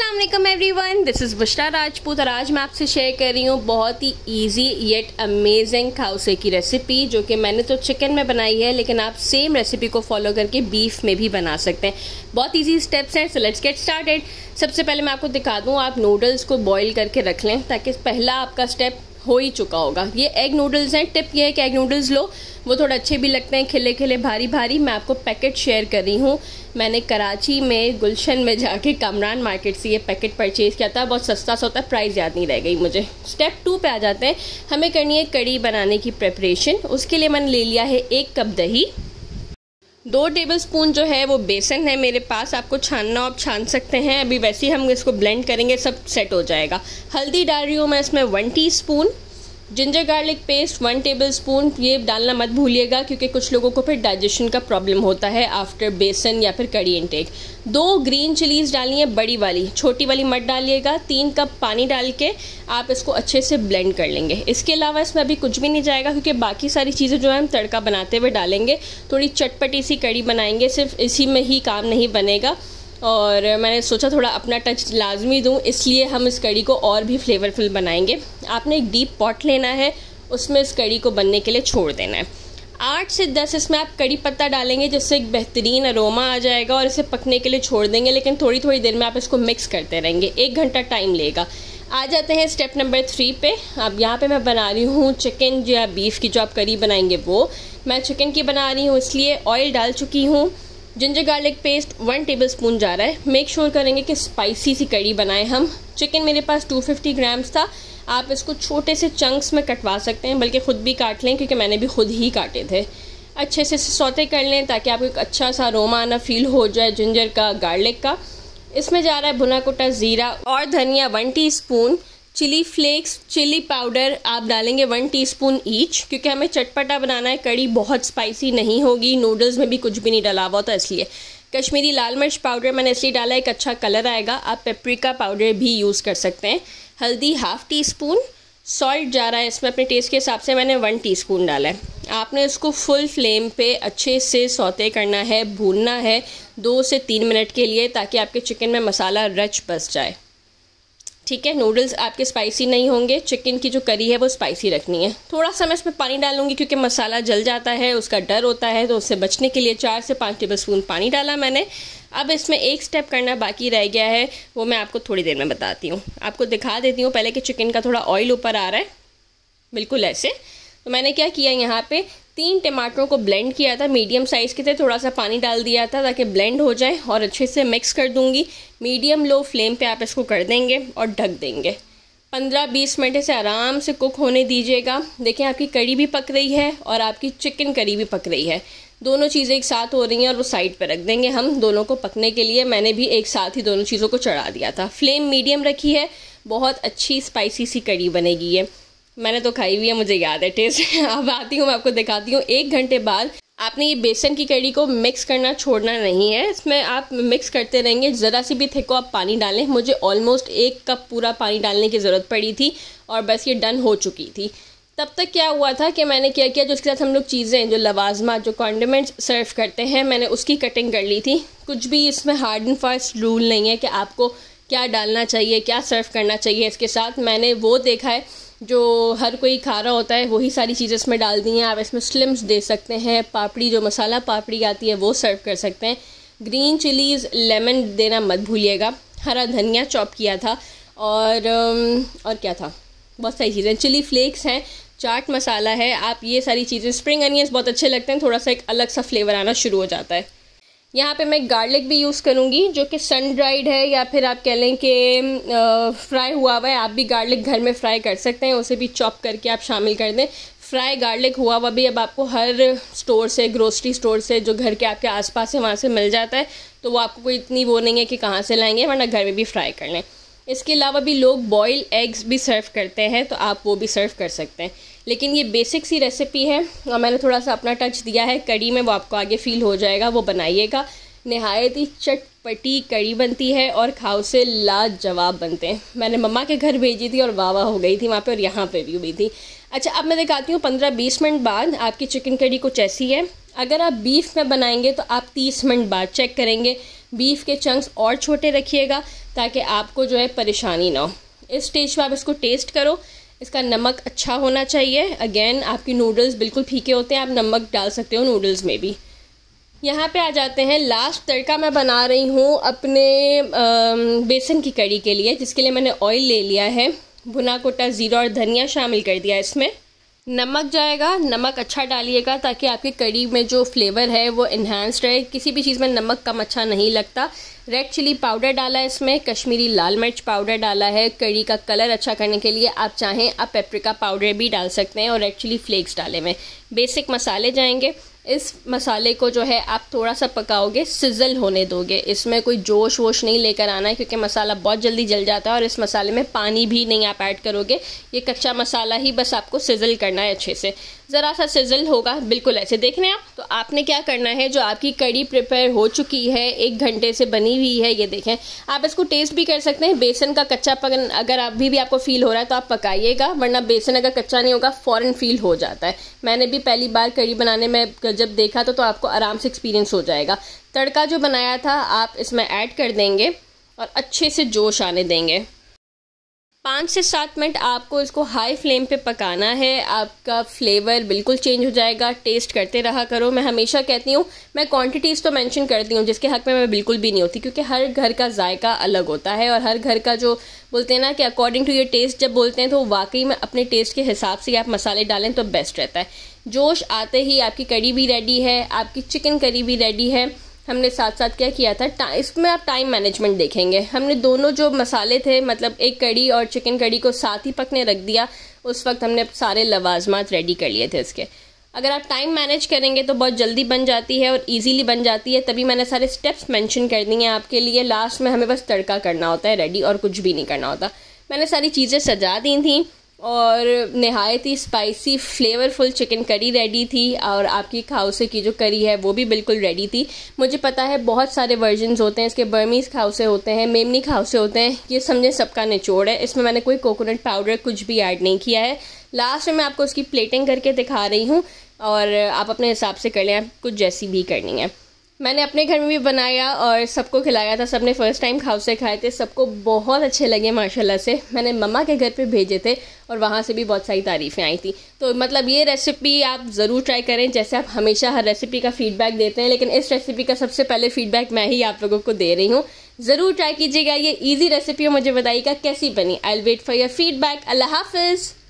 Aslam every one this is Bushra Rajput और आज मैं आपसे शेयर कर रही हूँ बहुत ही ईजी येट अमेजिंग खाउसे की रेसिपी जो कि मैंने तो चिकन में बनाई है लेकिन आप सेम रेसिपी को फॉलो करके बीफ में भी बना सकते हैं बहुत ईजी स्टेप्स हैं सो लेट्स गेट स्टार्टेड सबसे पहले मैं आपको दिखा दूँ आप नूडल्स को बॉयल करके रख लें ताकि पहला आपका स्टेप हो ही चुका होगा ये एग नूडल्स हैं टिप ये है कि एग नूडल्स लो वो थोड़े अच्छे भी लगते हैं खिले खिले भारी भारी मैं आपको पैकेट शेयर कर रही हूँ मैंने कराची में गुलशन में जाके कमरान मार्केट से ये पैकेट परचेज़ किया था बहुत सस्ता सा होता है प्राइस याद नहीं रह गई मुझे स्टेप टू पे आ जाते हैं हमें करनी है कड़ी बनाने की प्रेपरेशन उसके लिए मैंने ले लिया है एक कप दही दो टेबलस्पून जो है वो बेसन है मेरे पास आपको छानना आप छान सकते हैं अभी वैसे ही हम इसको ब्लेंड करेंगे सब सेट हो जाएगा हल्दी डाल रही हूँ मैं इसमें one teaspoon ginger garlic paste one tablespoon ये डालना मत भूलिएगा क्योंकि कुछ लोगों को फिर डाइजेशन का प्रॉब्लम होता है आफ्टर बेसन या फिर कड़ी इनटेक दो ग्रीन चिलीज डालनी है बड़ी वाली छोटी वाली मत डालिएगा तीन कप पानी डाल के आप इसको अच्छे से ब्लेंड कर लेंगे इसके अलावा इसमें अभी कुछ भी नहीं जाएगा क्योंकि बाकी सारी चीज़ें जो है हम तड़का बनाते हुए डालेंगे थोड़ी चटपटी सी कड़ी बनाएंगे सिर्फ इसी में ही काम नहीं बनेगा और मैंने सोचा थोड़ा अपना टच लाजमी दूँ इसलिए हम इस कड़ी को और भी फ्लेवरफुल बनाएंगे आपने एक डीप पॉट लेना है उसमें इस कड़ी को बनने के लिए छोड़ देना है आठ से दस इसमें आप कड़ी पत्ता डालेंगे जिससे एक बेहतरीन अरोमा आ जाएगा और इसे पकने के लिए छोड़ देंगे लेकिन थोड़ी थोड़ी देर में आप इसको मिक्स करते रहेंगे एक घंटा टाइम लेगा आ जाते हैं स्टेप नंबर थ्री पे अब यहाँ पे मैं बना रही हूँ चिकन या बीफ की जो आप करी बनाएंगे वो मैं चिकन की बना रही हूँ इसलिए ऑयल डाल चुकी हूँ ginger garlic paste one tablespoon जा रहा है मेक श्योर sure करेंगे कि स्पाइसी सी कड़ी बनाएं हम चिकन मेरे पास 250 ग्राम्स था आप इसको छोटे से चंक्स में कटवा सकते हैं बल्कि ख़ुद भी काट लें क्योंकि मैंने भी खुद ही काटे थे अच्छे से सौते कर लें ताकि आपको एक अच्छा सा रोमा आना फील हो जाए जिंजर का गार्लिक का इसमें जा रहा है भुना कोटा ज़ीरा और धनिया one teaspoon chilli flakes chilli powder आप डालेंगे वन टीस्पून ईच क्योंकि हमें चटपटा बनाना है कड़ी बहुत स्पाइसी नहीं होगी नूडल्स में भी कुछ भी नहीं डाला हुआ होता इसलिए कश्मीरी लाल मिर्च पाउडर मैंने इसलिए डाला एक अच्छा कलर आएगा आप पेपरिका पाउडर भी यूज़ कर सकते हैं हल्दी हाफ टी स्पून सॉल्ट जा रहा है इसमें अपने टेस्ट के हिसाब से मैंने वन स्पून डाला है आपने इसको फुल फ्लेम पे अच्छे से सौते करना है भूनना है दो से तीन मिनट के लिए ताकि आपके चिकन में मसाला रच बस जाए ठीक है नूडल्स आपके स्पाइसी नहीं होंगे चिकन की जो करी है वो स्पाइसी रखनी है थोड़ा सा मैं इसमें पानी डालूंगी क्योंकि मसाला जल जाता है उसका डर होता है तो उससे बचने के लिए चार से पाँच टेबल स्पून पानी डाला मैंने अब इसमें एक स्टेप करना बाकी रह गया है वो मैं आपको थोड़ी देर में बताती हूँ आपको दिखा देती हूँ पहले कि चिकन का थोड़ा ऑयल ऊपर आ रहा है बिल्कुल ऐसे तो मैंने क्या किया यहाँ पर तीन टमाटरों को ब्लेंड किया था मीडियम साइज़ के थे थोड़ा सा पानी डाल दिया था ताकि ब्लेंड हो जाए और अच्छे से मिक्स कर दूंगी मीडियम लो फ्लेम पे आप इसको कर देंगे और ढक देंगे 15-20 मिनट इसे आराम से कुक होने दीजिएगा देखें आपकी कड़ी भी पक रही है और आपकी चिकन करी भी पक रही है दोनों चीज़ें एक साथ हो रही हैं और वो साइड पर रख देंगे हम दोनों को पकने के लिए मैंने भी एक साथ ही दोनों चीज़ों को चढ़ा दिया था फ्लेम मीडियम रखी है बहुत अच्छी स्पाइसी सी कड़ी बनेगी ये मैंने तो खाई हुई है मुझे याद है टेस्ट अब आती हूँ मैं आपको दिखाती हूँ एक घंटे बाद आपने ये बेसन की कड़ी को मिक्स करना छोड़ना नहीं है इसमें आप मिक्स करते रहेंगे ज़रा सी भी थे को आप पानी डालें मुझे ऑलमोस्ट एक कप पूरा पानी डालने की ज़रूरत पड़ी थी और बस ये डन हो चुकी थी तब तक क्या हुआ था कि मैंने क्या किया जो उसके साथ हम लोग चीज़ें जो लवाजमा जो कॉन्डिमेंट्स सर्व करते हैं मैंने उसकी कटिंग कर ली थी कुछ भी इसमें हार्ड एंड फास्ट रूल नहीं है कि आपको क्या डालना चाहिए क्या सर्व करना चाहिए इसके साथ मैंने वो देखा है जो हर कोई खा रहा होता है वही सारी चीज़ें इसमें डाल दी हैं आप इसमें स्लिम्स दे सकते हैं पापड़ी जो मसाला पापड़ी आती है वो सर्व कर सकते हैं ग्रीन चिलीज़ लेमन देना मत भूलिएगा हरा धनिया चॉप किया था और um, और क्या था बहुत सारी चीज़ें चिली फ्लेक्स हैं चाट मसाला है आप ये सारी चीज़ें स्प्रिंग अनियंस बहुत अच्छे लगते हैं थोड़ा सा एक अलग सा फ्लेवर आना शुरू हो जाता है यहाँ पे मैं गार्लिक भी यूज़ करूँगी जो कि सन ड्राइड है या फिर आप कह लें कि फ्राई हुआ हुआ है आप भी गार्लिक घर में फ्राई कर सकते हैं उसे भी चॉप करके आप शामिल कर दें फ्राई गार्लिक हुआ हुआ भी अब आपको हर स्टोर से ग्रोसरी स्टोर से जो घर के आपके आसपास है वहाँ से मिल जाता है तो वो आपको कोई इतनी वो नहीं है कि कहाँ से लाएंगे वरना घर में भी फ्राई कर लें इसके अलावा भी लोग बॉयल एग्स भी सर्व करते हैं तो आप वो भी सर्व कर सकते हैं लेकिन ये बेसिक सी रेसिपी है और मैंने थोड़ा सा अपना टच दिया है कड़ी में वो आपको आगे फील हो जाएगा वो बनाइएगा नहायत ही चटपटी कड़ी बनती है और खाओ से लाजवाब बनते हैं मैंने मम्मा के घर भेजी थी और वाह हो गई थी वहाँ पर और यहाँ पर भी हुई थी अच्छा अब मैं दिखाती हूँ पंद्रह बीस मिनट बाद आपकी चिकन कड़ी कुछ ऐसी है अगर आप बीफ में बनाएंगे तो आप तीस मिनट बाद चेक करेंगे बीफ के चंक्स और छोटे रखिएगा ताकि आपको जो है परेशानी ना हो इस स्टेज पर आप इसको टेस्ट करो इसका नमक अच्छा होना चाहिए अगेन आपकी नूडल्स बिल्कुल फीके होते हैं आप नमक डाल सकते हो नूडल्स में भी यहाँ पे आ जाते हैं लास्ट तड़का मैं बना रही हूँ अपने आ, बेसन की कड़ी के लिए जिसके लिए मैंने ऑयल ले लिया है भुना कोटा ज़ीरा और धनिया शामिल कर दिया इसमें नमक जाएगा नमक अच्छा डालिएगा ताकि आपके कड़ी में जो फ्लेवर है वो इन्हांस रहे किसी भी चीज़ में नमक कम अच्छा नहीं लगता रेड चिली पाउडर डाला है इसमें कश्मीरी लाल मिर्च पाउडर डाला है कड़ी का कलर अच्छा करने के लिए आप चाहें आप पेपरिका पाउडर भी डाल सकते हैं और रेड चिली फ्लेक्स डाले हुए बेसिक मसाले जाएंगे इस मसाले को जो है आप थोड़ा सा पकाओगे सिजल होने दोगे इसमें कोई जोश वोश नहीं लेकर आना है क्योंकि मसाला बहुत जल्दी जल जाता है और इस मसाले में पानी भी नहीं आप ऐड करोगे ये कच्चा मसाला ही बस आपको सिजल करना है अच्छे से ज़रा सा सिजल होगा बिल्कुल ऐसे देख रहे हैं आप तो आपने क्या करना है जो आपकी कड़ी प्रिपेयर हो चुकी है एक घंटे से बनी हुई है ये देखें आप इसको टेस्ट भी कर सकते हैं बेसन का कच्चा कच्चापन अगर अभी भी आपको फील हो रहा है तो आप पकाइएगा वरना बेसन अगर कच्चा नहीं होगा फ़ौरन फील हो जाता है मैंने भी पहली बार कड़ी बनाने में जब देखा तो, तो आपको आराम से एक्सपीरियंस हो जाएगा तड़का जो बनाया था आप इसमें ऐड कर देंगे और अच्छे से जोश आने देंगे पाँच से सात मिनट आपको इसको हाई फ्लेम पे पकाना है आपका फ्लेवर बिल्कुल चेंज हो जाएगा टेस्ट करते रहा करो मैं हमेशा कहती हूँ मैं क्वांटिटीज़ तो मेंशन करती हूँ जिसके हक में मैं बिल्कुल भी नहीं होती क्योंकि हर घर का जायका अलग होता है और हर घर का जो बोलते हैं ना कि अकॉर्डिंग टू योर टेस्ट जब बोलते हैं तो वाकई में अपने टेस्ट के हिसाब से आप मसाले डालें तो बेस्ट रहता है जोश आते ही आपकी कड़ी भी रेडी है आपकी चिकन करी भी रेडी है हमने साथ साथ क्या किया था इसमें आप टाइम मैनेजमेंट देखेंगे हमने दोनों जो मसाले थे मतलब एक कड़ी और चिकन कड़ी को साथ ही पकने रख दिया उस वक्त हमने सारे लवाजमात रेडी कर लिए थे इसके अगर आप टाइम मैनेज करेंगे तो बहुत जल्दी बन जाती है और इजीली बन जाती है तभी मैंने सारे स्टेप्स मेंशन कर दिए हैं आपके लिए लास्ट में हमें बस तड़का करना होता है रेडी और कुछ भी नहीं करना होता मैंने सारी चीज़ें सजा दी थी और नहायत ही spicy flavourful chicken curry ready थी और आपकी खाउसे की जो करी है वो भी बिल्कुल रेडी थी मुझे पता है बहुत सारे वर्जन होते हैं इसके बर्मीज़ खाउसे होते हैं मेमनी खाउसे होते हैं ये समझे सबका निचोड़ है इसमें मैंने कोई कोकोनट पाउडर कुछ भी ऐड नहीं किया है लास्ट में मैं आपको उसकी प्लेटिंग करके दिखा रही हूँ और आप अपने हिसाब से कर लें कुछ जैसी भी करनी है मैंने अपने घर में भी बनाया और सबको खिलाया था सबने फ़र्स्ट टाइम खाऊ से खाए थे सबको बहुत अच्छे लगे माशाल्लाह से मैंने मम्मा के घर पे भेजे थे और वहाँ से भी बहुत सारी तारीफ़ें आई थी तो मतलब ये रेसिपी आप ज़रूर ट्राई करें जैसे आप हमेशा हर रेसिपी का फ़ीडबैक देते हैं लेकिन इस रेसिपी का सबसे पहले फ़ीडबैक मैं ही आप लोगों को दे रही हूँ ज़रूर ट्राई कीजिएगा ये ईजी रेसिपी मुझे बताइएगा कैसी बनी आई वेट फॉर योर फीडबैक अल्लाह हाफिज़